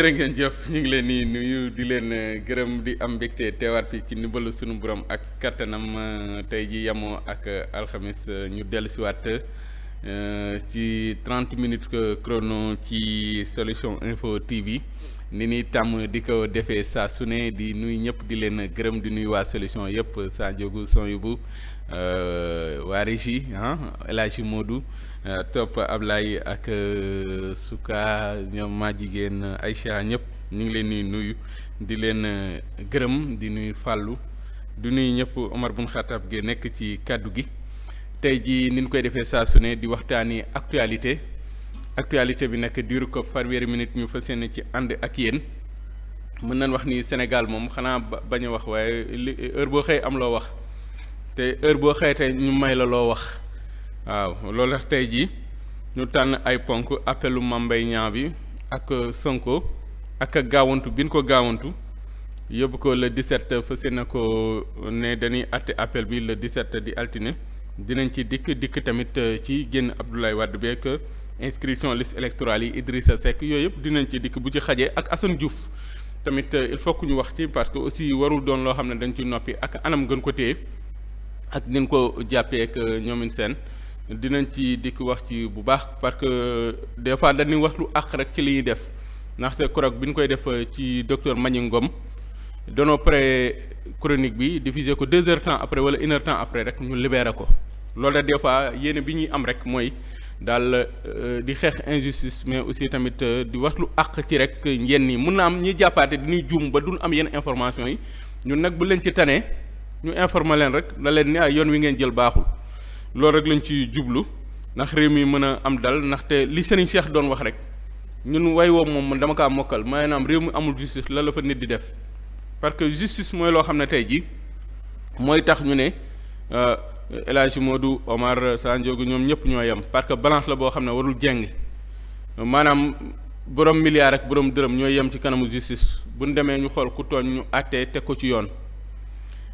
jërë ngeen jëf ñu ngi leen di nuyu di leen eh, gërëm di am mbégte teewaat fii ci ndimbalu sunu borom ak kattanam eh, tey ji yamoo ak eh, alxamis ñu dellusiwaat ci 30 minutes chrono ci solution info TV ni ni tàmm di ko defee saa su di nuyu ñëpp di leen gërëm di nuyu waa solution yëpp saa njóogu son yu bu waa Régie ah El Hadji Modou Euh, topp Ablaye ak euh, Souka ñoom maa jigéen Aïcha ñëpp ñu ngi leen di nuyu di leen euh, gërëm di nuyu fàllu du nuyu ñëpp Omar bun Xatab gi nekk ci kàddu gi tey jii ni ñu koy defee saa su ne di waxtaani actualité actualité bi nag diiru ko fanweeri minute ñu fa yéene ci ànd ak yéen mën nañ wax ni Sénégal moom xanaa bañ a wax waaye li heure boo xëy am loo wax te heure boo xëy tey ñu may la loo wax waaw loolu tax tey jii ñu tànn ay ponk appelu Mame Mbaye Niang bi ak Sonko ak gaawantu bi ñu ko gaawantu yóbbu ko le 17 fas yéene ko ne dañuy àtte appel bi le 17 di altine dinañ ci dikk dikk tamit ci génn Abdoulaye Wade beeg inscription liste électorale yi Idrissa Seck yooyu yëpp dinañ ci dikk bu ci xajee ak Assane Diouf tamit il faut que ñu wax ci parce que aussi warul doon loo xam ne dañ ci noppi ak anam gën ko téye ak nin ko jàppeek ak ñoomin seen dinañ ci dikk wax ci bu baax parce que euh, des fois dañuy wax lu àq rek ci li ñuy def ndaxte korog bi ñu koy def euh, ci docteur Magny Ngom danoo pare chronique bi diffusé ko deux heures temps après wala une heure temps après rek ñu libéré ko loolu la des fois yéene bi ñuy am rek mooy daal euh, di xeex injustice mais aussi tamit di wax lu àq ci rek yenn nii mun na am ñiy jàppaate diñuy juum ba duñ am yenn information yi ñun nag bu leen ci tanee ñu informer leen rek na leen ni ay ah, yoon wi ngeen jël baaxul loolu rek lañu ci jublu ndax réew mi mën a am dal ndaxte li Serigne Cheikh doon wax rek ñun way woo moom mën dama kaa mokkal maanaam réew mi amul justice la la fa nit di def parce que justice mooy loo xam ne tey jii mooy tax ñu ne euh, El Hadj du Omar Sanjogu ñoom ñëpp ñoo yem parce que balance la boo xam ne warul jeng maanaam borom milliard rek borom dërëm ñoo yem ci kanamu justice bu ñu demee ñu xool ku tooñ ñu àttee teg ko ci yoon.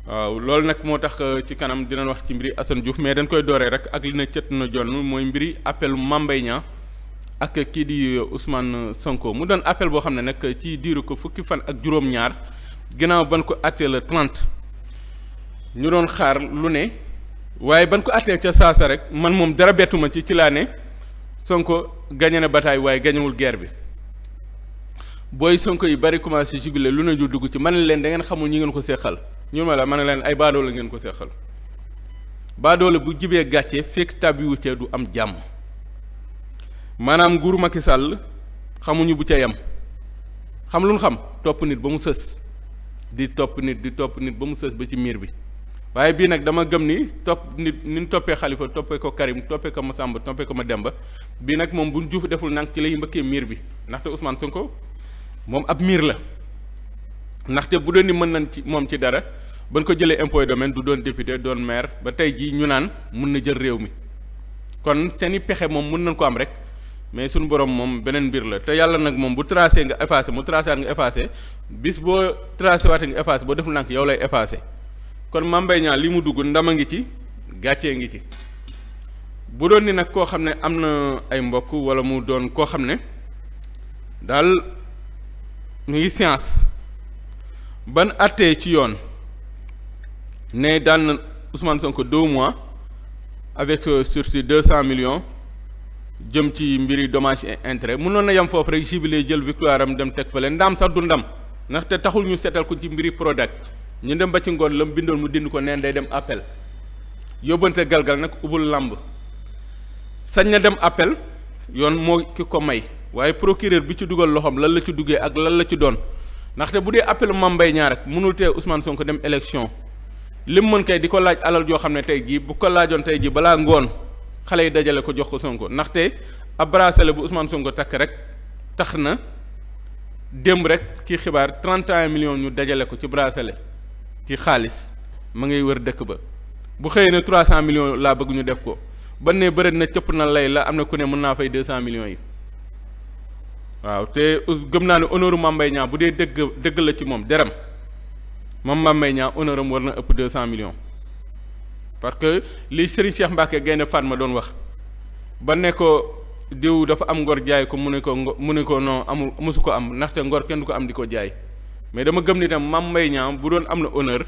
waaw loolu nag moo tax euh, ci kanam dinañ wax ci mbiri Assane Diouf mais dañ koy dooree rek ak li na cët na jonn mooy mbiri appel Mame Mbaye ak kii di euh, Ousmane Sonko mu doon appel boo xam ne nag ci diiru ko fukki fan ak juróom ginnaaw ban ko àttee le ñu doon xaar lu ne waaye ban ko àttee ca saasa rek man moom dara bettuma ci ci laa ne Sonko gañe na bataay waaye gañewul geer bi booy Sonko yi bari commencé jugule lu ne ju dugg ci man leen da ngeen xamul ñi ngeen ko seexal ñu ma la ma ne leen ay baadoola ngeen ko seqal baadoola bu jibee gàcce fekk tabiwute du am jàmm maanaam nguuru Macky Sall xamuñu bu ca yam xam lu ñu xam topp nit ba mu sës di topp nit di topp nit ba mu sës ba ci miir bi waaye bii nag dama gëm ni topp nit ni ñu toppee xalifa toppee ko Karim toppee ko ma Massamba toppee ko ma demba bii nag moom bu ñu juuf deful nang ci lay mbëkkee miir bi ndaxte Ousmane ko moom ab miir la ndaxte bu doon ni mën nañ ci moom ci dara bañ ko jëlee impôt domaine du doon député doon maire ba tey jii ñu naan mun na jël réew mi kon seeni pexe moom mun nañ ko am rek mais suñu borom moom beneen mbir la te yàlla nag moom bu tracé nga effacé mu tracé waat nga effacé bis boo tracé waate nga effacé boo defu nànk yow lay effacé kon Mame Mbaye Niang li mu dugg ndam a ngi ci gàccee ngi ci bu doon ni nag koo xam ne am na ay mbokk wala mu doon koo xam ne daal mu ngi science ban attee ci yoon ne daan na son ko deux mois avec euh, surtout deux cent millions jëm ci mbiri dommage et intérêt mënoon na yem foofu rek jubilé jël victoire am dem teg fële ndam sax du ndam ndaxte taxul ñu seetal ko ci mbiri Prodac ñu dem ba ci ngoon la mu bindoon mu dind ko neen day dem appel yóbbante galgal nag ubul làmb sañ na dem appel yoon moo ki ko may waaye procureur bi ci dugal loxoom lan la ci duggee ak lan la ci doon ndaxte bu dee appel Mame Mbaye Niang rek mënul tee Ousmane Sonko dem élection lim mën kay di ko laaj alal joo xam ne tey jii bu ko laajoon tey jii balaa ngoon xale yi dajale ko jox ko Sonko ndaxte ab bracelet bu Ousmane Sonko takk rek tax na démb rek ci xibaar 31 millions ñu dajale ko ci bracelet ci xaalis ma ngay wër dëkk ba bu xëyee ne 300 millions laa bëgg ñu def ko ba ne bëri na cëpp na lay la am na ku ne mën naa fay 200 millions yi. waaw te gëm naa ne honneur Mame bu dee dëgg dëgg la ci moom deram moom Mame Mbaye Niang honneur war na ëpp deux cent million parce que li Serigne Cheikh Mbacke Gaynde ma doon wax ba nekkoo ko diw dafa am ngor jaay ko mu ne ko mu ne ko non amul mosu ko am naxte ngor kenn du ko am di ko jaay mais dama gëm ni tam Mame Mbaye bu doon am na honneur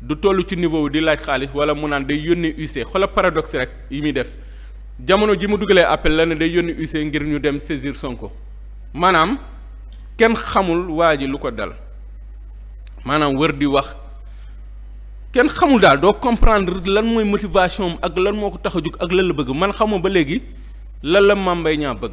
du toll ci niveau di laaj xaalis wala mu naan day yónni UC xoolal paradoxe rek yi muy def jamono ji mu dugalee appel la ne day yónni UC ngir ñu dem saisir Sonko. maanaam kenn xamul waa ji lu ko dal maanaam wër di wax kenn xamul daal doo comprendre lan mooy motivation ak lan moo ko tax a jug ak lan la bëgg man xamuma ba léegi lan la Mame Mbaye Niang bëgg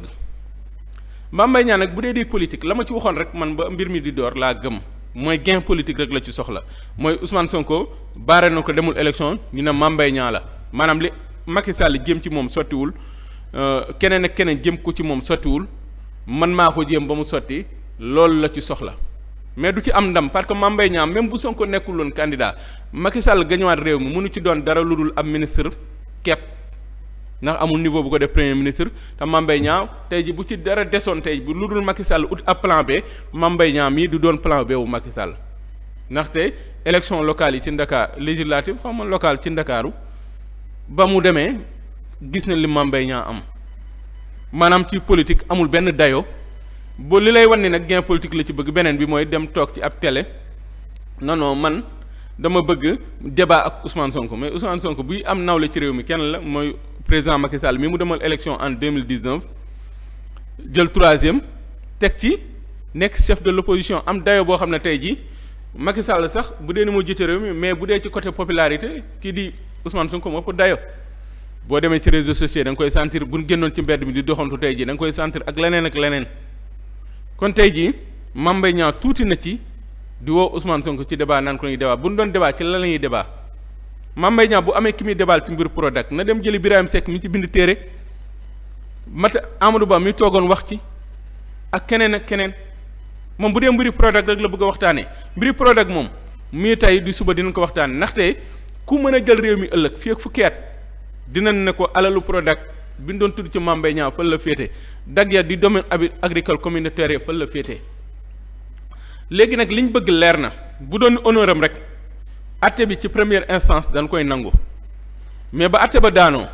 Mame nag bu dee di politique la ma ci waxoon rek man ba mbir mi di door laa gëm mooy gain politique rek la ci soxla mooy Ousmane Sonko baare na ko demul élection ñu ne Mame la maanaam li Macky Sall jëm ci moom sottiwul euh, keneen ak keneen jëm ko ci moom sottiwul man maa ko jéem ba mu sotti loolu la ci soxla mais du ci am ndam parce que Mame Mbaye Niang même bu Sonko nekkul loon candidat Macky Sall gañuwaat réew mi mënu ci doon dara lu dul am ministre kepp ndax amul niveau bu ko def premier ministre te Mame Mbaye tey ji bu ci dara desoon tey bu lu dul Macky Sall ut ab plan B Mame Mbaye mii du doon plan B wu Macky Sall ndaxte élection locale yi ci Ndakaar législative xam nga locale ci Ndakaaru ba mu demee gis na li Mame Mbaye am maanaam ci politique amul benn dayo boo li lay wan ni nag gain politique la ci bëgg beneen bi mooy dem toog ci ab tele non non man dama bëgg débat ak Ousmane Sonko mais Ousmane Sonko buy am nawle ci réew mi kenn la mooy président Macky Sall mi mu demal élection en deux mille dix-neuf jël troisième teg ci nekk chef de l'opposition am dayo boo xam ne tey jii Macky Sall sax bu dee ni moo jiite réew mi mais bu dee ci côté popularité kii di Ousmane Sonko moo ko dayo boo demee ci réseau sociaux da nga koy sentir bu ñu génnoon ci mbedd mi di doxantu tey jii da nga koy sentir ak leneen ak leneen kon tey jii Mame Mbaye tuuti na ci di woo Ousmane Sonko ci débat naan ko ñuy débat bu ñu doon débat ci lan la ñuy débat Mame Mbaye Niang bu amee ki muy debaal ci mbir Prodac na dem jëli Birahim sekk mi ci bind téere Mata Amadou Ba mi toogoon wax ci ak keneen ak keneen moom bu dee mbiri Prodac rek la bëgg a waxtaanee mbiri Prodac moom mii tey di suba dinañ ko waxtaanee ndaxte ku mën a jël réew mi ëllëg fii ak dinañ ne ko alalu Prodac bi ñu doon tudd ci Mambay ñaa fan la féete dag ya di domaine abi agricole communautaire yi fan la féete léegi nag liñ bëgg leer na bu doon honneur am rek atte bi ci première instance dañ koy nangu mais ba atte ba daanoo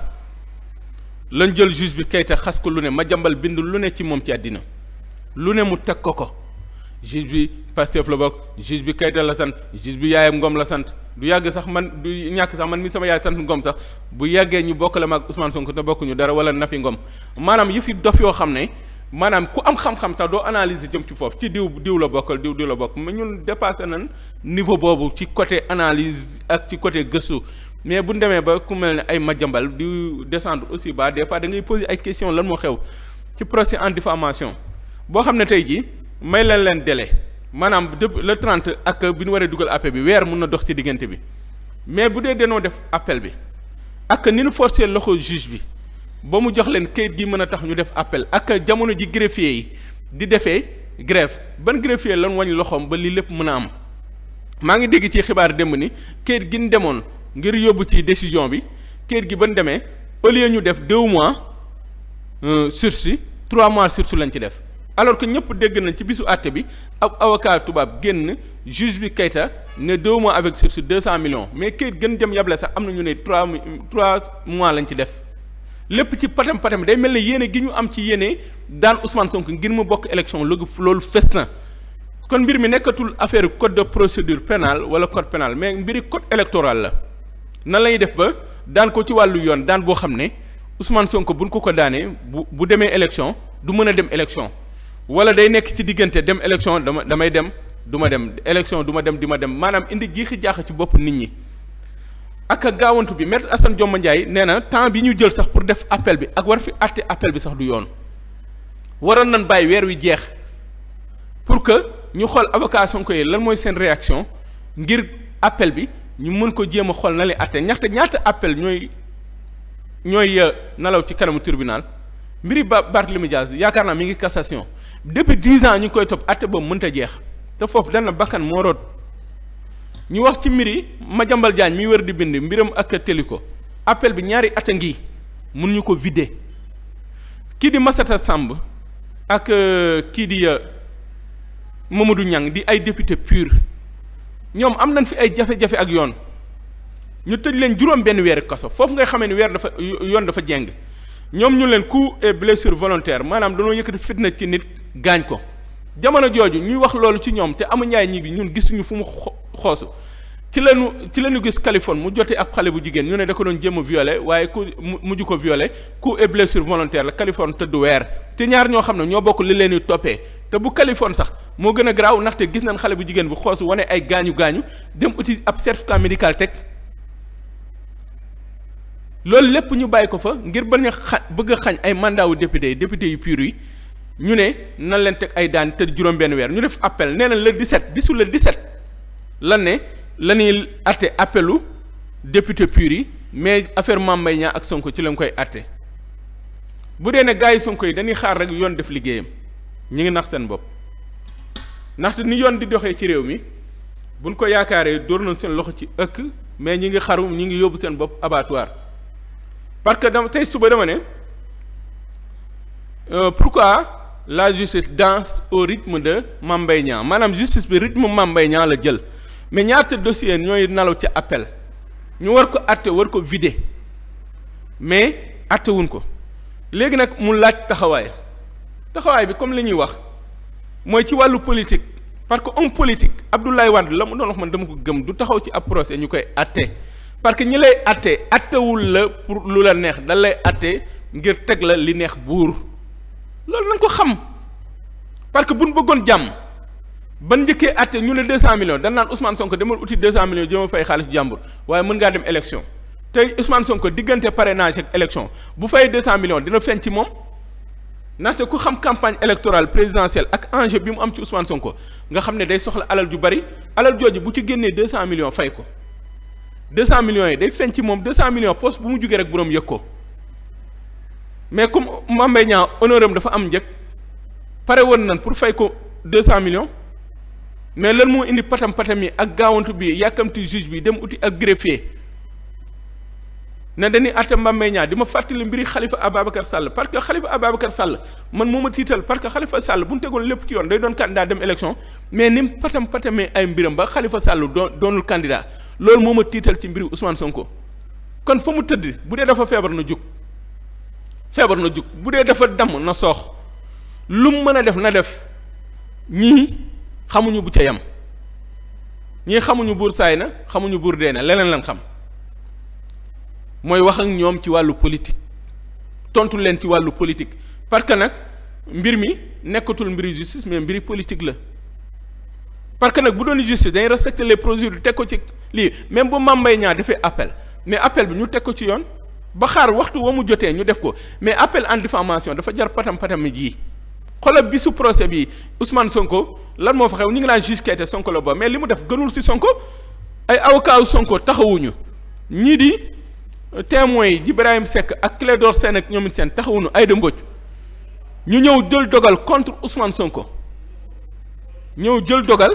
lañ jël juge bi Keita xas ko lu ne ma jàmbal bind lu ne ci moom ci àddina lu ne mu teg ko ko juge bi Pastef la bokk juge bi Keita la sant juge bi yaayam Ngom la sant du yàgg sax man du ñàkk sax man mi sama yaay sant ngoom sax bu yàggee ñu bokk la maag Ousmane Sonko te bokkuñu dara wala Nafi Ngom maanaam yëfi dof yoo xam ne maanaam ku am xam-xam sax doo analyse jëm ci foofu ci diw diw la bokkal diw diw la bokk mais ñun dépassé nañ niveau boobu ci côté analise ak ci côté gëstu mais bu ñu demee ba ku mel ne ay majambal di descendre aussi ba des fois da ngay poser ay question lan moo xew ci procès en diffamation boo xam ne tey jii may leen leen délai maanaam depuis le trente ak bi ñu waree dugal appel bi weer mun na dox ci diggante bi mais bu dee danoo def appel bi ak ni ñu forcé loxo juge bi ba mu jox leen kayit gi mën a tax ñu def appel ak jamono ji greffier yi di defee grève ban greffier lan wañ loxoom ba lii lépp mën a am maa ngi dégg ci xibaar démb ni kayit gi ñu demoon ngir yóbbu ci décision bi kayit gi ban demee au lieu ñu def deux mois euh, sursis trois mois sursis lañ ci def alors que ñëpp dégg nañ ci bisu àtte bi ab avocat tubaab génn juge bi Keita ne deux mois avec sursis cent millions mais kayit gën jëm yable sax am na ñu ne trois trois mois lañ ci def lépp ci patam patam day mel ne yéene gi ñu am ci yéene daan Ousmane sonk ngir mu bokk élection loolu loolu fes na kon mbir mi nekkatul affaire code de procédure pénale wala code pénal mais mbiri code électoral la nan la def ba daan ko ci wàllu yoon daan boo xam ne sonk bu buñ ko ko daanee bu bu demee élection du mën a dem élection. wala day nekk ci diggante dem élection dama damay dem duma dem élection duma dem di ma dem maanaam indi jiixi jaaxa ci bopp nit ñi ak gaawantu bi maître Assane Dioma Ndiaye nee na temps bi ñu jël sax pour def appel bi ak war fi àtte appel bi sax du yoon waroon nañ bàyyi weer wi jeex pour que ñu xool avocat Sonko yi lan mooy seen réaction ngir appel bi ñu mën ko jéem a xool na lay àtte ñaxte ñaata appel ñooy ñooy euh, nalaw ci kanamu tribunal mbiri ba Barthélémy Dias yaakaar naa mi ngi cassation depuis dix ans ñu ngi koy topp atte boobu mënta jeex te foofu dana bakkan moo root ñu wax ci mbiri jambal Diagne mi wër di bind mbiram ak ko appel bi ñaari at a ngi mun ñu ko vider kii di Massata sàmb ak euh, kii di euh, Mamadou Niang di ay député pur ñoom am nañ fi ay jafe-jafe ak yoon ñu tëj leen juróom benn weer kaso foofu ngay xamee ni weer dafa yoon dafa jeng ñoom ñu leen coup et blessure volontaire maanaam dañoo yëkkati fitna ci nit gaañ ko jamono jooju ñuy wax loolu ci ñoom te amu ñaay ñi bi ñun gisuñu fu mu xoosu ci lañu ci lañu gis Californie mu jotee ab xale bu jigéen ñoo ne da ko doon jéem a violé waaye ku mujj ko violé coup et blessure volontaire la Californie tëdd weer te ñaar ñoo xam ne ñoo bokk li leen toppee te bu Californie sax moo gën a garaaw ndaxte gis nañ xale bu jigéen bu xoosu wane ay gaañu gaañu dem uti ab certificat médical teg loolu lépp ñu bàyyi ko fa ngir bañ a bëgg a xañ ay mandat wu député yi député yi ñu ne na leen teg ay daan tëj juróom-benn weer ñu def appel nee na le 17 bisu le 17 lan ne la ñuy atte appelu député pur yi mais affaire Mame Mbaye ak sonk ci lañ koy atte bu dee ne gars yi Sonko yi dañuy xaar rek yoon def liggéeyam ñu ngi nax seen bopp ndaxte ni yoon di doxee ci réew mi buñ ko yaakaaree dóor nañ seen loxo ci ëkk mais ñi ngi xaru ñi ngi yóbbu seen bopp abattoir parce que dama tey suba dama ne euh, pourquoi. la justice danse au rythme de Mame Mbaye maanaam justice bi rythme Mame Mbaye la jël mais ñaata dossier ñooy nalaw ci appel ñu war ko atte war ko vider mais attewuñ ko léegi nag mu laaj taxawaay taxawaay bi comme li ñuy wax mooy ci wàllu politique parce que homme politique Abdoulaye Wade la mu doon wax man dama ko gëm du taxaw ci ab procès ñu koy atte parce que ñi lay atte attewul la pour lu la neex da lay atte ngir teg la li neex buur loolu nañ ko xam parce que buñ bëggoon jàmm ban njëkkee atte ñu ne 200 millions dañ naan son Sonko demal uti 200 millions jëm a fay xaalis jàmbur waaye mën ngaa dem élection tey Ousmane Sonko diggante parrainage ak élection bu fay 200 millions dina feeñ ci moom ndaxte ku xam campagne électorale présidentielle ak enjeu bi mu am ci son Sonko nga xam ne day soxla alal ju bari alal jooju bu ci génnee 200 millions fay ko 200 millions yi day feeñ ci moom 200 millions poste bu mu jugee rek boroom yëg mais comme Mame Mbaye Niang am dafa am njëg pare woon nan pour fay ko deux cent millions mais lan moo indi patam patam ak gaawant bi yàkkamti juge bi dem uti ak greffier ne dañuy àtte Mame Mbaye Niang di ma fàttali mbiri Khalifa Ababacar Sall parce que Khalifa Ababacar Sall man moo ma tiital parce que Khalifa Sall bu ñu tegoon lépp ci yoon day doon candidat dem élection mais ni mu patam patamee ay mbiram ba xalifa Sall doo doonul candidat loolu moo ma tiital ci mbiri Ousmane Sonko kon fa mu tëdd bu dee dafa feebar na jóg. feebar na jug bu dee dafa damm na soox lu mu mën a def na def ñii xamuñu bu ca yam ñii xamuñu buur saay na xamuñu buur dee na leneen lan xam mooy wax ak ñoom ci wàllu politique tontu leen ci wàllu politique parce que nag mbir mi nekkatul mbiri justice mais mbiri politique la parce que nag bu doon justice dañuy respecter les procédures teg ko ci lii même bu Mame ñaar Niang dafay appel mais appel bi ñu teg ko ci yoon ba xaar waxtu wa mu jotee ñu def ko mais appel en diffamation dafa jar patam patam ji xoolal bisu procès bi Ousmane Sonko lan moo fa xew ñu ngi naan juge Keita Sonko la ba mais li mu def gënul ci Sonko ay avocat Sonko taxawuñu ñii di témoins yi Ibrahim Seck ak Clédor seen ak ñoom seen taxawuñu ay Aïda Mbodj ñu ñëw jël dogal contre Ousmane Sonko ñëw jël dogal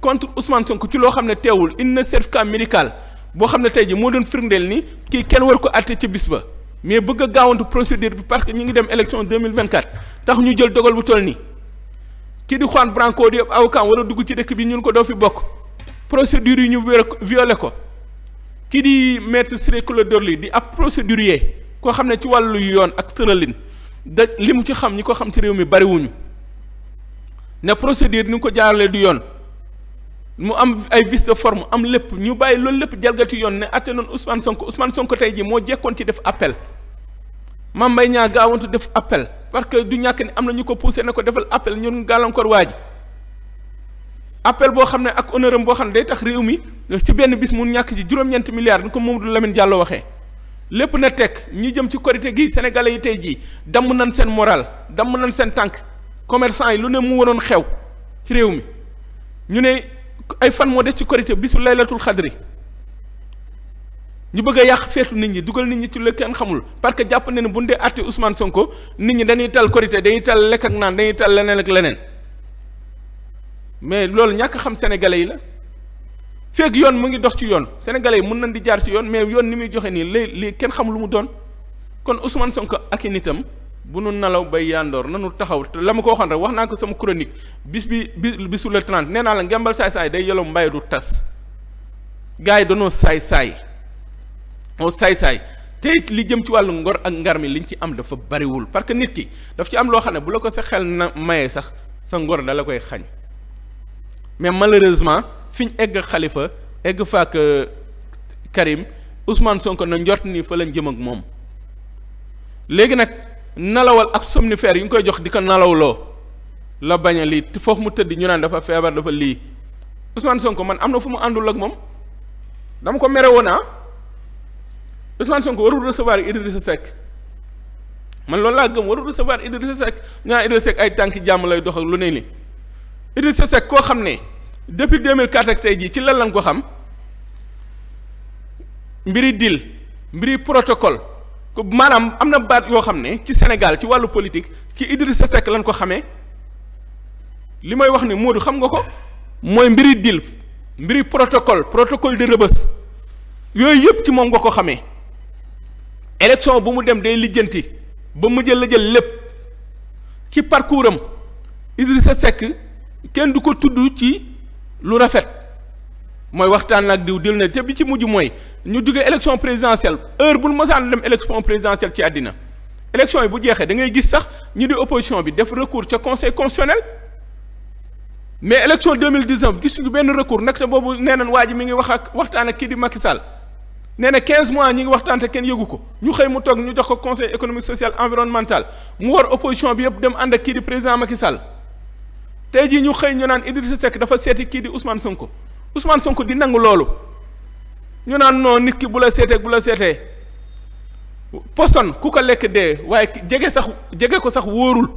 contre Ousmane Sonko ci loo xam ne teewul une certificat médical. boo xam ne tey ji moo doon firndeel ni kii kenn war ko àtte ci bis ba mais bëgg a gaawantu procédure bi parce que ñi ngi dem élection 2024 tax ñu jël dogal bu toll ni kii di Juan Branco di ab avocat wala dugg ci dëkk bi ñun ko doo fi bokk procédure yi ñu violé ko kii di maître Ciré Clédor Ly di ab procédurier koo xam ne ci wàllu yoon ak tëralin da li mu ci xam ñi ko xam ci réew mi bariwuñu ne procédure ni ko jaaralee du yoon mu am ay vice de forme am lépp ñu bàyyi loolu lépp jalgati yoon ne atte noonu usman sonk Ousmane Sonko tey jii moo jekkoon ci def appel Mame Mbaye Niang gaawantu def appel parce que du ñàkk ne am na ñu ko poussé ne ko defal appel ñun gàllankoor waa ji appel boo xam ne ak honneur boo xam ne day tax réew mi ci benn bis mu ñàkk ci juróom-ñeenti milliards ni ko Mamadou Lamine Diallo waxee lépp na teg ñu jëm ci korité gi sénégalais yi tey jii damm nañ seen moral damm nañ seen tànk commerçant yi lu ne mu waroon xew ci réew mi ay fan moo des ci korité bisu laylatul xadri ñu bëgg a yàq feetu nit ñi dugal nit ñi ci lu kenn xamul parce que jàpp na ne bu ñu dee àtte Ousmane Sonko nit ñi dañuy tal korité dañuy tal lekk ak naan dañuy tal leneen ak leneen mais loolu ñàkk xam sénégalais yi la feeg yoon mu ngi dox ci yoon sénégalais yi mën nañ di jaar ci yoon mais yoon ni muy joxe nii lay lii kenn xam lu mu doon kon Ousmane Sonko ak i nitam. bu nu nelaw bay yandoor na nu taxaw la ma ko waxoon rek wax naa ko sama chronique bis bi bisu le 30 nee naa la ngembal saay-saay day yolom mbay du tas gars yi danoo saay-saay oo saay-saay te li jëm ci wàllu ngor ak ngar mi liñ ci am dafa bariwul parce que nit ki daf ci am loo xam ne bu la ko sa xel na maye sax sa ngor dala koy xañ mais malheureusement fi ñu egg xalifa egg faak euh, Karim Ousmane sonk na njort ni fa lañ jëm ak moom léegi nag nelawal ak somnifère yi nga koy jox di ko nalawloo la baña a lii foofu mu tëdd ñu naan dafa feebar dafa lii Ousmane Sonko man am na fu mu àndul ak moom dama ko mere woon ah Ousmane sa warul recevoir sa Seck man loolu laa gëm warul recevoir Idrissa Seck ñaa Idrissa Seck ay tànk jàmm lay dox ak lu ne ni Idrissa Seck koo xam ne depuis 2004 ak tey jii ci lan lañ ko xam mbiri deal mbiri protocole maanaam am na baat yoo xam ne ci Sénégal ci wàllu politique ci Idrissa Seck lañ ko xamee li may wax ni du xam nga ko mooy mbiri dil mbiri protocole protocole di Rebeuss yooyu yëpp ci moom nga ko xamee élection bu mu dem day lijjanti ba mu jël la jël lépp ci parcours am Idrissa Seck kenn du ko tudd ci lu rafet mooy waxtaan ak diw dil na te bi ci mujj mooy ñu jugee élection présidentielle heure bu nu mësaan dem élection présidentielle ci àddina élection yi bu jeexee da ngay gis sax ñu di opposition bi def recours ca conseil constitutionnel mais élection 2019 gisuñu benn recours nag te boobu nee waa ji mi ngi wax ak waxtaan ak kii di Macky Sall nee na mois ñi ngi waxtaan te kenn yëgu ko ñu xëy mu toog ñu jox ko conseil économique social environnemental mu bi yëpp dem ànd ak kii di président Macky Sall jii ñu xëy ñu naan Idrissa Seck dafa seeti kii di Ousmane Sonko. Ousmane Sonko di nangu loolu ñu naan non nit ki bu la seetee bu la seetee poson ku ko lekk dee waaye jege sax jege ko sax wóorul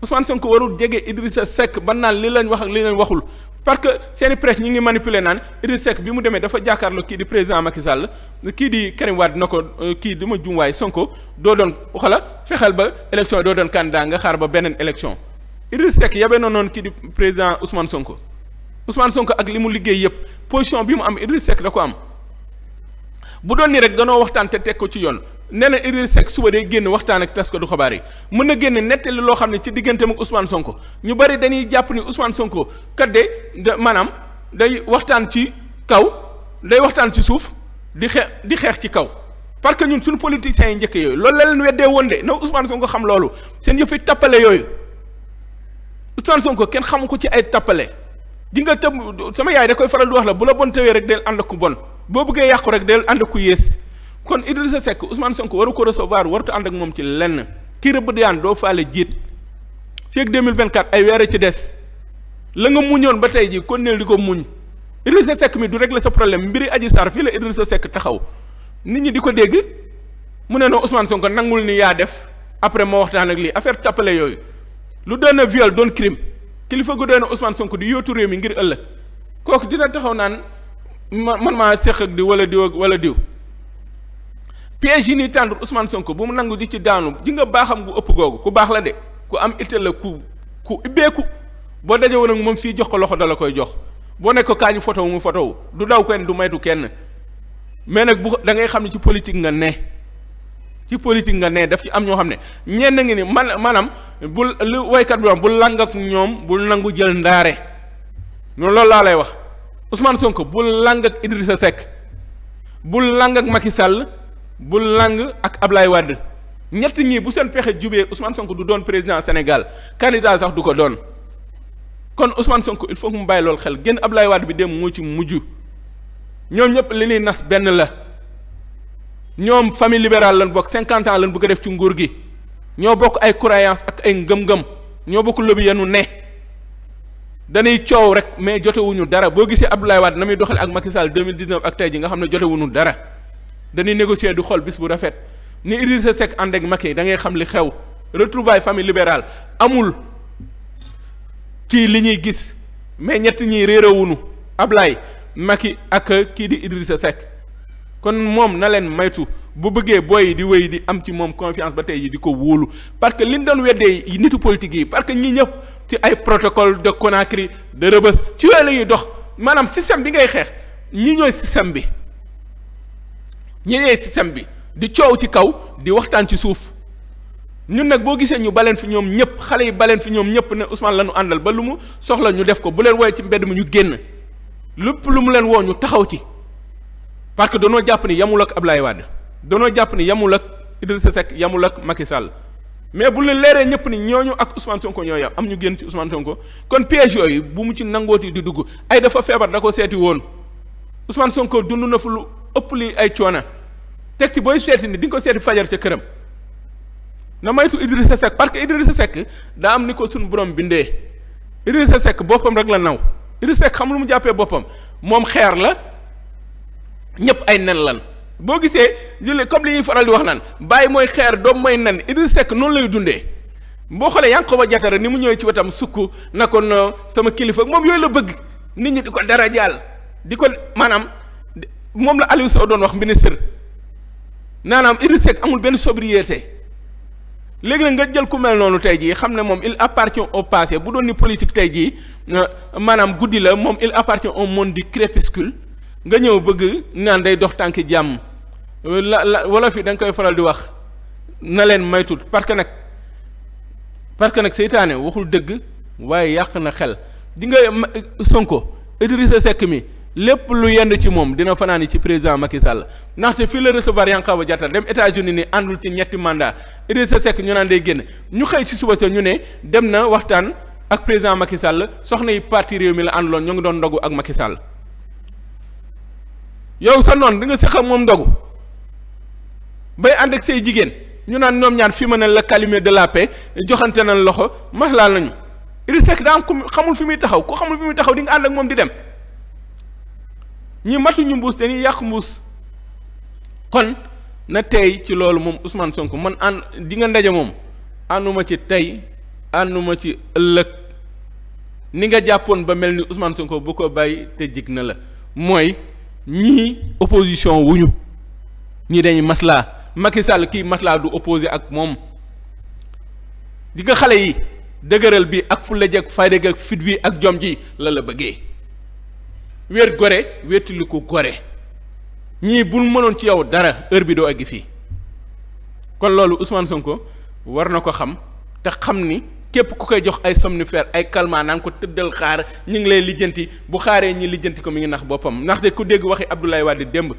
Ousmane Sonko warul jege Idrissa Seck ba naan li lañ wax ak li lañ waxul parce que seeni presse ñi ngi manipuler naan Idrissa Seck bi mu demee dafa jàkkaarloo kii di président Macky Sall kii di Karim Wade na ko euh, kii di ma jum Sonko doo doon xala fexeel ba élection doo doon candidat nga xaar ba beneen élection Idrissa Seck yabe na kii di président Ousmane Sonko. Ousmane Sonko ak li mu liggéey yëpp position bi mu am Idriss Seck da ko am bu doon ni rek danoo waxtaan te teg ko ci yoon nee na Idriss suba day génn waxtaan ak tas ko du xabaar yi mën na génn nettali loo xam ne ci digganteem ak Ousmane Sonko ñu bari dañuy jàpp ni Ousmane Sonko kat de da maanaam day waxtaan ci kaw day waxtaan ci suuf di xeex di xeex ci kaw parce que ñun suñu politiciens yi njëkk yooyu loolu la leen weddee woon de na Ousmane Sonko xam loolu seen yëfi tappale yooyu Ousmane Sonko kenn xamu ko ci ay tappale di nga tëb sama yaay da koy faral di wax la bu la bon tëwee rek del ànd ak ku bon boo bëggee yàqu rek del ànd ak ku yées kon Idrissa Seck Ousmane Sonko waru ko recevoir warut ànd ak moom ci lenn kii rëbb di yaan doo faale jiit fii ak 2024 ay weer ci des la nga muñoon ba tey ji kon neel di ko muñ sa sekk mi du régler sa problème mbiri Adji Sarr fii la sa Seck taxaw nit ñi di ko dégg mu ne non Ousmane Sonko nangul ni yaa def après moo waxtaan ak lii affaire tappale yooyu lu doon na viol doon crime. kilifa gu doy na usmaan Sonko di yootu réew mi ngir ëllëg kooku dina taxaw naan man maa seq ak di wala diw ak wala diw piège yi ni tendre usmaan Sonko bu mu nangu di ci daanu ji nga baaxam gu ëpp googu ku baax la de ku am itte la ku ku ibbeeku boo daje ak moom fii jox ko loxo dala koy jox boo nekk ko kaañu fotow mu du daw kenn du maytu kenn mais nag bu da ngay xam ne ci politique nga ne. ci politique nga ne daf ci am ñoo xam ne ñenn ngi ni man maanaam bul lu woykat bi wax bul lang ak ñoom bu nangu jël ndaare loolu laa lay wax Ousmane sonk bul lang ak Idrissa Seck bul lang ak Macky bul lang ak Ablaye Wade ñett ñii bu seen pexe jubee Ousmane Sonko du doon président Sénégal candidat sax du ko doon kon Ousmane Sonko il faut mu bàyyi loolu xel génn Ablaye Wade bi dem moo ci mujj ñoom ñëpp li ñuy nas benn la. ñoom famille libérale lañ bokk cinquante ans lañ bëgg a def ci nguur gi ñoo bokk ay croyance ak ay ngëm-ngëm ñoo bokk lobby yanu ne dañuy coow rek mais jotewuñu dara boo gisee Abdoulaye Wade na muy doxale ak Macky Sall 2019 ak tey ji nga xam ne jotewuñu dara dañuy négocier du xool bis bu rafet ni Idrissa Seck ànd ak Macky da ngay xam li xew retrouvaille famille libérale amul ci li ñuy gis mais ñett ñi réerewuñu Ablaye Macky ak kii di Idrissa Seck kon moom na leen maytu bu bëggee booy yi di wéy di am ci moom confiance ba tey yi di ko wóolu parce que li doon weddee yi nitu politique yi parce que ñi ñëpp ci ay protocole de Conakry de Rebeuss ci yooyu la ñuy dox maanaam système bi ngay xeex ñi ñooy système bi ñi ñooy système bi di coow ci kaw di waxtaan ci suuf ñun nag boo gisee ñu baleen fi ñoom ñëpp xale yi baleen fi ñoom ñëpp ne Ousmane la ñu àndal ba lu mu soxla ñu def ko bu leen woowee ci mbedd mi ñu génn lépp lu mu leen woo ñu taxaw ci parce que danoo jàpp ni yamul ak Ablaye Wade danoo jàpp ni yamul ak sa Seck yamul ak Macky Sall mais bu la leeree ñëpp ni ñooñu ak Ousmane Sonko ñoo yam am ñu génn ci Ousmane Sonko kon piège yooyu bu mu ci nangooti di dugg ay dafa feebar da ko seeti woon Ousmane Sonko dund na fu lu ëpp li ay coona teg ci booy seeti ni di nga ko seeti fajar ca këram na maytu Idrissa Seck parce que sa sekk daa am ni ko suñu borom bindee sa Seck boppam rek la naw Idrissa Seck xam lu mu jàppee boppam moom xeer la. ñëpp ay nen lan boo gisee jëlee comme li ñuy faral di wax naan bàyyi mooy xeer doom mooy nen Idrissa Seck noonu lay dundee boo xoolee Yankhoba Diattara ni mu ñëwee ci wetam sukk na ko sama kilifa moom yooyu la bëgg nit ñi di ko dara jàll di ko maanaam moom la Aliou Sow doon wax ministre naanaam Idrissa Seck amul benn sobriété léegi nag nga jël ku mel noonu tey jii xam ne moom il appartient au passé bu doon ni politique tey jii euh, maanaam guddi la moom il appartient au monde du crépuscule nga ñëw bëgg naan day dox tànki jàmm euh, la la wolof yi danga koy faral di wax na leen maytul parce que nag parce que nag seytaane waxul dëgg waaye yàq na xel di nga Sonko Idrissa sekk mi lépp lu yend ci moom dina fanaani ci président Macky Sall ndaxte fii la recevoir Yankhoba Diattara dem États-Unis ni àndul ci ñetti mandat Idrissa sekk ñu naan day génn ñu xëy si suba sa ñu ne dem na waxtaan ak président Macky Sall soxna yi parti réew mi la ànduloon ñoo ngi doon ndogu ak Macky Sall yow sa noon da nga séq moom ndogu bay ànd ak say jigéen ñu naan ñoom ñaar fi mën ne la calumet de la paix joxante na loxo maslaa nañu Idrissa Seck daa am ku xamul fi muy taxaw ku xamul fi muy taxaw di nga ànd ak moom di dem ñi matuñu mbuus dañuy yàq mbuus kon na tey ci loolu moom usmaan Sonko man ànd dinga ndaje moom ànduma ci tey ànduma ci ëllëg ni nga jàppoon ba mel ni usmaan Sonko bu ko bàyyi te jig na la mooy ñii opposition wuñu ñii dañuy maslaa Macky Sall kii maslaa du opposé ak moom di nga xale yi dëgëral bi ak fulla ji ak fayda ak fit wi ak jom ji la la bëggee wér gore wéetuli ko gore ñii bul mënoon ci yow dara heure bi doo àgg fii kon loolu Ousmane Sonko war na ko xam te xam ni képp ku koy jox ay somnifère ay calmants naan ko tëddal xaar ñu ngi lay lijjanti bu xaaree ñi lijjanti ko mi ngi nax boppam ndaxte ku dégg waxi Abdoulaye Wade démb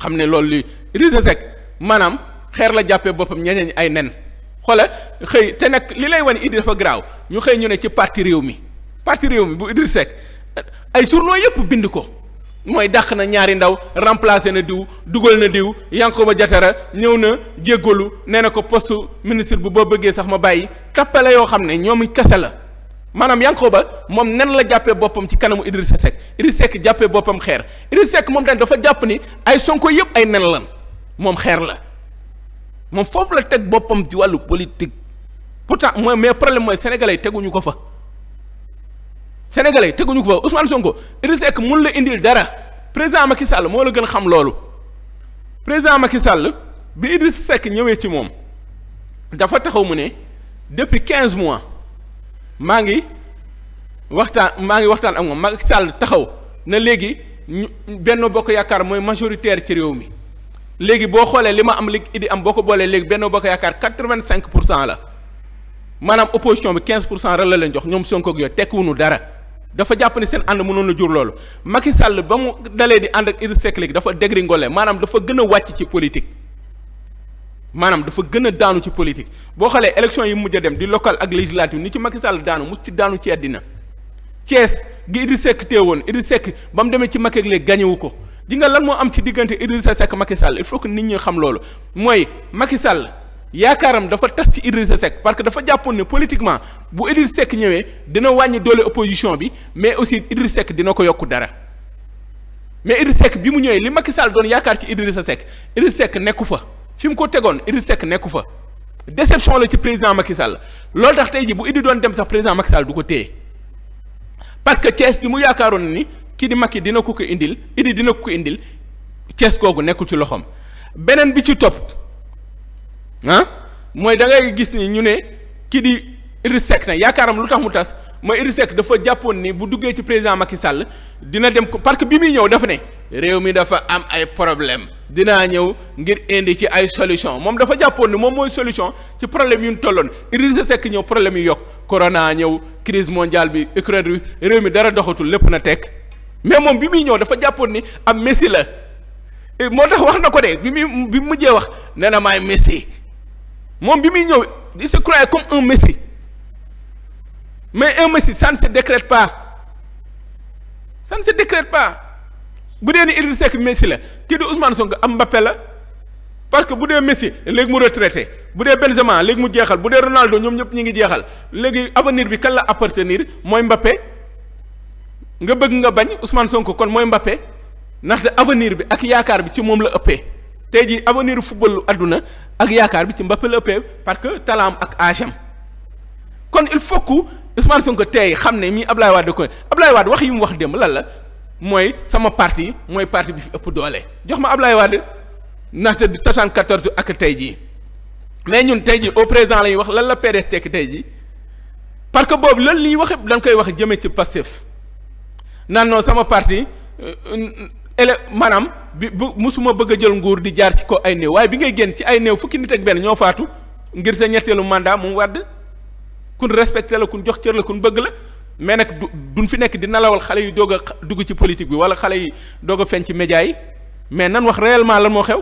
xam ne loolu li Idrissa Seck maanaam xeer la jàppee boppam ñeneen ñi ay nen xoole xëy te nag li lay wane Idi dafa garaaw ñu xëy ñu ne ci parti réew mi parti réew mi bu Idrissa Seck ay journaux yëpp bind ko. mooy dàq na ñaari ndaw remplacé na diw dugal na diw Yankuba Jatara ñëw na jéggalu nee na ko poste ministre bu boo bëggee sax ma bàyyi tappale yoo xam ne ñoom kese la maanaam ba moom nen la jàppee boppam ci kanamu sa Seck Idrissa sekk jàppee boppam xeer Idrissa sekk moom tamit dafa jàpp ni ay Sonko yëpp ay nen lan moom xeer la moom foofu la teg boppam ci wàllu politique pourtant mooy mais problème mooy sénégalais teguñu ko fa sénégalais teguñu ko fa Ousmane Sonko Idrissa Seck mun la indil dara président Macky Sall moo la gën xam loolu président Macky Sall bi Idrissa ñëwee ci moom dafa taxaw mu ne depuis quinze mois maa ngi waxtaan maa ngi waxtaan ak moom Macky Sall taxaw na léegi ñu Benno Bokk mooy majoritaire ci réew mi léegi boo xoolee li ma am li idi am boo ko boolee léegi Benno Bokk Yaakaar cinq pour cent la maanaam opposition bi quinze pour cent rek la leen jox ñoom Sonko ak yooyu tekkiwuñu dara. dafa jàpp seen ànd mënoon na jur loolu Macky ba mu dalee di ànd ak Idrissa Seck léegi dafa dégringolé maanaam dafa gën a wàcc ci politique maanaam dafa gën a daanu ci politique boo xoolee élection yi mujj a dem di local ak législative ni ci makisal Sall daanu mu ci daanu ci àddina Thiès gi Idrissa Seck teewoon Idrissa Seck ba mu demee ci Macky ak léegi gañewu ko ji nga lan moo am ci diggante Idrissa Seck Macky Sall il faut nit ñi xam loolu mooy Macky Sall yaakaaram dafa tas ci Idrissa Seck parce que dafa jàppoon ne politiquement bu Idrissa Seck ñëwee dina wàññi doole opposition bi mais aussi Idrissa Seck dina ko yokk dara mais Idrissa sekk bi mu ñëwee li Macky Sall doon yaakaar ci Idrissa Seck Idrissa Seck nekku fa fi mu ko tegoon Idrissa Seck nekku fa déception la ci président Macky Sall loolu tax tey ji bu Idi doon dem sax président Macky Sall du ko téye parce que Thiès bi mu yaakaaroon ni kii di Macky dina ko ko indil Idi dina ko ko indil Thiès googu nekkul ci loxoom beneen bi ci topp. ah mooy da gis ni ñu ne kii di Idrissa na yaakaaram lu tax mu tas mooy Idrissa dafa jàppoon ni bu duggee ci président Macky sàll dina dem ko parce que bi muy ñëw dafa ne réew mi dafa am ay problème dinaa ñëw ngir indi ci ay solution moom dafa jàppoon ni moom mooy solution ci problème yu nu tolloon Idrissa Seck ñëw problème yu yokk corona ñëw crise mondiale bi Ukraine bi réew mi dara doxatul lépp na teg mais moom bi muy ñëw dafa jàppoon ni am messi la moo tax wax na ko de bi muy bi mujjee wax nee na maay messi moom bi muy ñëw il se croyait comme un messie mais un messie ça ne se décrète pas ça ne se décrète pas bu dee ni Idrissa Seck messie la kii di Ousmane Sonko am Mbappé la parce que bu dee Messi léegi mu retraité bu dee Benzema léegi mu jeexal bu dee Ronaldo ñoom ñëpp ñu ngi jeexal léegi avenir bi kan la appartenir mooy Mbappé nga bëgg nga bañ Ousmane Sonko kon mooy Mbappé ndaxte avenir bi ak yaakaar bi ci moom la ëppee. tey jii avenir football lu àdduna ak yaakaar bi ci Mbappé la ëppee parce que talaam ak agem kon il faut que Ousmane Sonko tey xam ne mii Ablaye Wade ko Ablaye Wade wax yi mu wax démb lan la mooy sama parti mooy parti bi fi ëpp doole jox ma Ablaye Wade ndaxte di 74 ak tey jii mais ñun tey jii au présent la wax lan la PDS tekki tey jii parce que boobu lan liy ñuy wax dañ koy wax jëmee ci passif naan non sama parti ele euh, maanaam. bi bu musuma bëgg a jël nguur di jaar ci ko ay néew waaye bi ngay génn ci ay néew fukki nit ak benn ñoo faatu ngir sa ñetteelu mandat mu wàdd kun respecté la kun jox cër la kun bëgg la mais nag du duñ fi nekk di nalawal xale yu doog a dugg ci politique bi wala xale yi doog a feeñ ci média yi mais nan wax réellement lan moo xew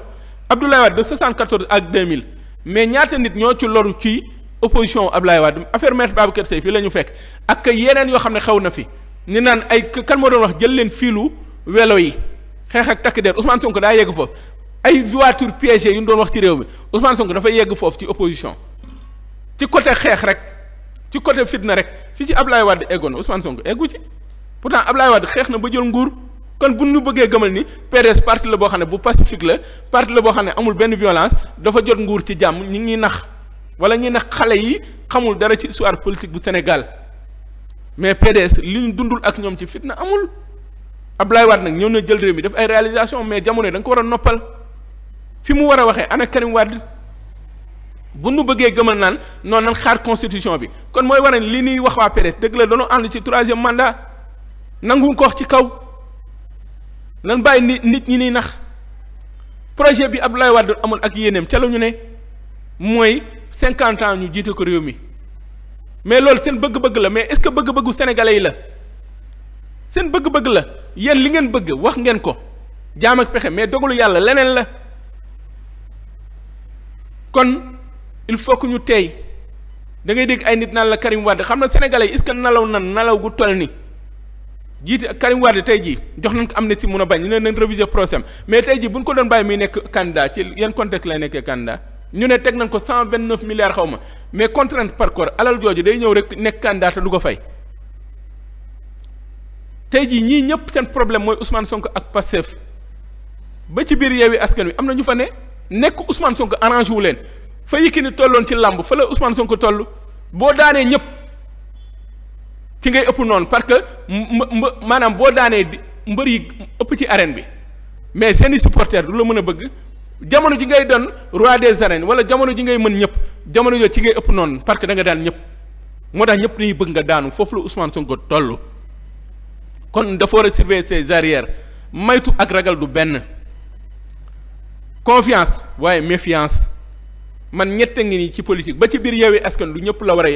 Abdoulaye Wade de 74 ak 2000 mais ñaata nit ñoo ci loru ci opposition laay Wade affaire maître Babacar Seye fii la ñu fekk ak yeneen yoo xam ne xew na fi ni naan ay kan moo doon wax jël leen fiilu welo yi. xeex ak takk der Ousmane Sonko daa yegg foofu ay voiture piégée yu ñu doon wax ci réew mi Ousmane Sonko dafa yegg foofu ci opposition ci côté xeex rek ci côté fitna rek fi ci Ablaye Wade eggoon na Ousmane Sonko eggu ci pourtant Ablaye Wade xeex na ba jël nguur kon bu ñu bëggee gëmal ni PDS parti la boo xam ne bu pacifique la parti la boo xam ne amul benn violence dafa jot nguur ci jàmm ñi ngi nax wala ñi nax xale yi xamul dara ci histoire politique bu Sénégal mais PDS li ñu dundul ak ñoom ci fitna amul. Abdoulaye waat nag ñëw na jël réew mi def ay réalisation mais jamono da nga ko war a noppal fi mu war a waxee ana Karim Wade bu nu bëggee gëmal naan noonu nan xaar constitution bi kon mooy war a li ñuy wax waa PDS dëgg la dañoo ànd ci troisième mandat nangu ko wax ci kaw lan bàyyi nit nit ñi ni nax projet bi Abdoulaye Wade amul ak yeneem ca la ñu ne mooy cinquante ans ñu jiite ko réew mi mais loolu seen bëgg-bëgg la mais est-ce que bëgg-bëggu sénégalais la seen bëgg-bëgg la. yéen li ngeen bëgg wax ngeen ko jaam ak pexe mais dogalu yàlla leneen la kon il faut que ñu tey da ngay dégg ay nit naan la Karim Wade xam na sénégalais yi est-ce que nalaw nan nalaw gu toll ni jiite Karim Wade tey jii jox nañ ko am na si mun a bañ ne nañ réviser procès mais tey jii bu ñu ko doon bàyyi muy nekk candidat ci yan contexte lay nekkee candidat ñu ne teg nañ ko cent vingt neuf milliards xaw ma mais contrainte par corps alal jooju day ñëw rek nekk candidat du ko fay tey jii ñii ñëpp seen problème mooy Ousmane Sonko ak Pastef ba ci biir Yewwi Askan Wi am na ñu fa ne nekk usman Sonko arrangé wu leen fa Yékini tolloon ci làmb fa la Ousmane Sonko toll boo daanee ñëpp ci ngay ëpp noonu parce que maanaam boo daanee mbër yi ëpp ci arène bi mais seen i supporters du mën a jamono ji ngay doon roi des arènes wala jamono ji ngay mën ñëpp jamono yooyu ci ngay ëpp noonu parce da nga daan ñëpp moo tax ñëpp dañuy bëgg nga daanu foofu la Ousmane Sonko toll. kon dafa war a surveiller ses arrières maytu ak ragal du benn confiance waaye méfiance man ñett ngi nii ci politique ba ci biir Yewwi Askan du ñëpp la war a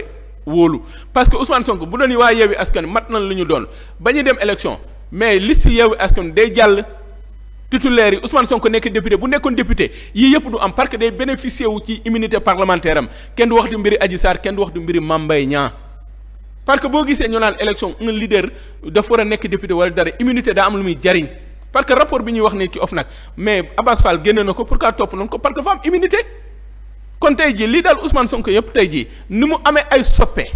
wóolu parce que Ousmane bu doon yi waa Yewwi Askan mat nañ lu ñu doon ba ñu dem élection mais liste Yewwi Askan day jàll titulaire yi Ousmane Sonko nekk député bu nekkoon député yii yëpp du am parce que day bénéficier wu ci immunité parlementaire kenn du wax di mbiri Adji Sarr kenn du wax di mbiri Mame Mbaye parce que boo gisee ñu naan élection un leader dafa war a nekk député wala dara immunité daa am lu muy jariñ parce que rapport bi ñuy wax ni ci OFNAC mais Abass Fall génne na ko pourquoi topp nañ ko parce que dafa am immunité kon tey jii lii daal Ousmane sonk yëpp tey jii ni mu amee ay soppe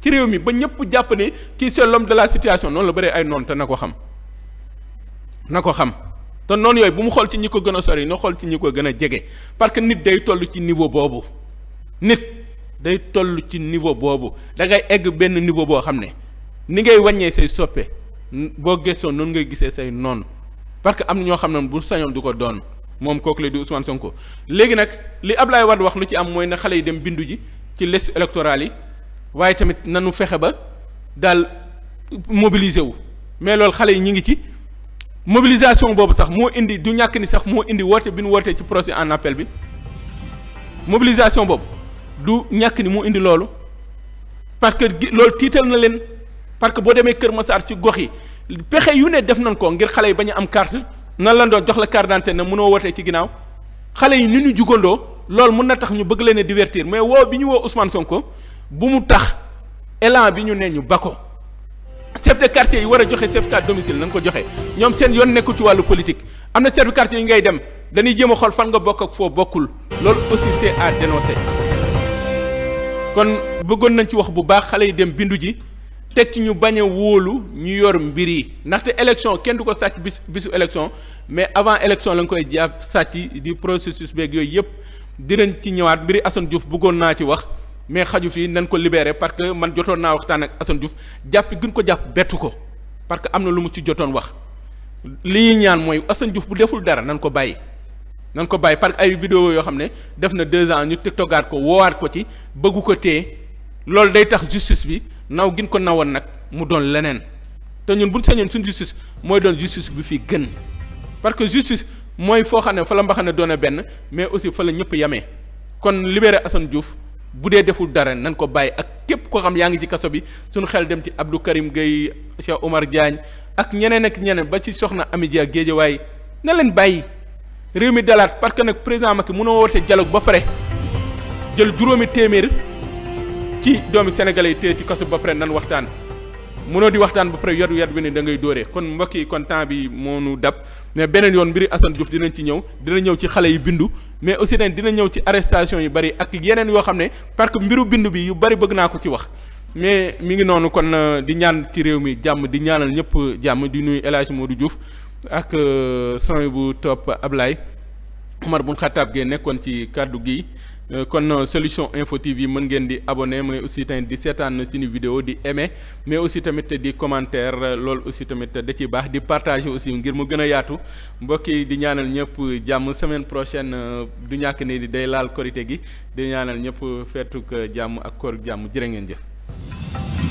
ci réew mi ba ñëpp jàpp ni kii c'est l'homme de la situation noonu la bëree ay noon te na ko xam na ko xam te noonu yooyu bu mu xool ci ñi ko gën a sori na xool ci ñi ko gën a jege parce que nit day toll ci niveau boobu day toll ci niveau boobu da ngay egg benn niveau boo xam ne ni ngay wàññee say soppe boo gëstoo noonu ngay gisee say noonu parce que am na ñoo xam ne bu sañoon du ko doon moom kooku du di Ousmane Sonko léegi nag li Ablaye Wade wax lu ci am mooy ne xale yi dem bindu ji ci les électorale yi waaye tamit nanu fexe ba daal mobiliser wu mais loolu xale yi ñu ngi ci mobilisation boobu sax moo indi du ñàkk ni sax moo indi woote bi nu wootee ci procès en appel bi mobilisation boobu du ñàkk ni mu indi loolu parce que loolu tiital na leen parce que boo demee Kër Massar ci gox yi pexe yu ne def nañ ko ngir xale yi ba ñu am carte nan la doon jox la carte d'identité na mënoo wootee ci ginnaaw xale yi ni ñu jugandoo lool mun na tax ñu bëgg leen a divertir mais woo bi ñu woo Ousmane Sonko bu mu tax élan bi ñu ne ñu ba ko chef de quartier yi war a joxe chef de domicile nañ ko joxe ñoom seen yoon nekku ci wàllu politique am na chef de yi ngay dem dañuy jéem xool fan bokk ak foo bokkul loolu aussi c'est à dénoncer. kon bëggoon nañ ci wax bu baax xale yi dem bindu ji teg ci ñu bañ a wóolu ñu yor mbir yi ndaxte élection kenn du ko sàcc bis bisu élection mais avant élection la koy jàpp sàcc di processus beeg yooyu yëpp dinañ ci ñëwaat mbiri Assane Diouf bëggoon naa ci wax mais xaju fii nañ ko libéré parce que man jotoon naa waxtaan ak Assane Diouf jàpp gën ko jàpp bettu ko parce que am na lu mu ci jotoon wax li ñuy ñaan mooy Assane Diouf bu deful dara nañ ko bàyyi. nan ko bàyyi par ay vidéo yoo xam ne def na deux ans ñu te toggaat ko woowaat ko ci bëggu ko téye loolu day tax justice bi naw gin ko nawoon nag mu doon leneen te ñun bu sañoon suñ justice mooy doon justice bi fi gën parce que justice mooy foo xam ne fa la mbaxam ne doone benn mais aussi fa la ñëpp yamee kon libéré Assane Diouf bu dee deful dara nan ko bàyyi ak képp koo xam yaa ngi ci kaso bi suñu xel dem ci Abdou Karim Gueye Cheikh Omar Diagne ak ñeneen ak ñeneen ba ci soxna Amidia Guédiawaye na leen bàyyi réew mi dalaat parce que nag président Macky mënoo woote dialogue ba pare jël juróomi téeméer ci doomi sénégalais yi téye ci kaso ba pare nan waxtaan mënoo di waxtaan ba pare yor yat bi ne da dóoree kon mbokk yi kon temps bi moo nu dab mais beneen yoon mbiri Assane Diouf dinañ ci ñëw dina ñëw ci xale yi bindu mais aussi tamit dina ñëw ci arrestation yi bari ak yeneen yoo xam ne parce que mbiru bindu bi yu bari bëgg naa ko ci wax mais mi ngi noonu kon euh, di ñaan ci réew mi jàmm di ñaanal ñëpp jàmm di nuyu El Hadj Modou Diouf ak euh, son bu topp Ablaye Omar bun Xattaab gee nekkoon ci kàddu gi euh, kon euh, solution info tv mën ngeen di mu mais aussi tamit di seetaan suñu vidéo di emee mais aussi tamit di commentaire loolu aussi tamit da ciy baax di partager aussi ngir mu gën a yaatu mbokk yi di ñaanal ñëpp jàmm semaine prochaine du ñàkk ni day laal korité gi di ñaanal ñëpp feetuk jàmm ak koor jàmm jërë ngeen jëf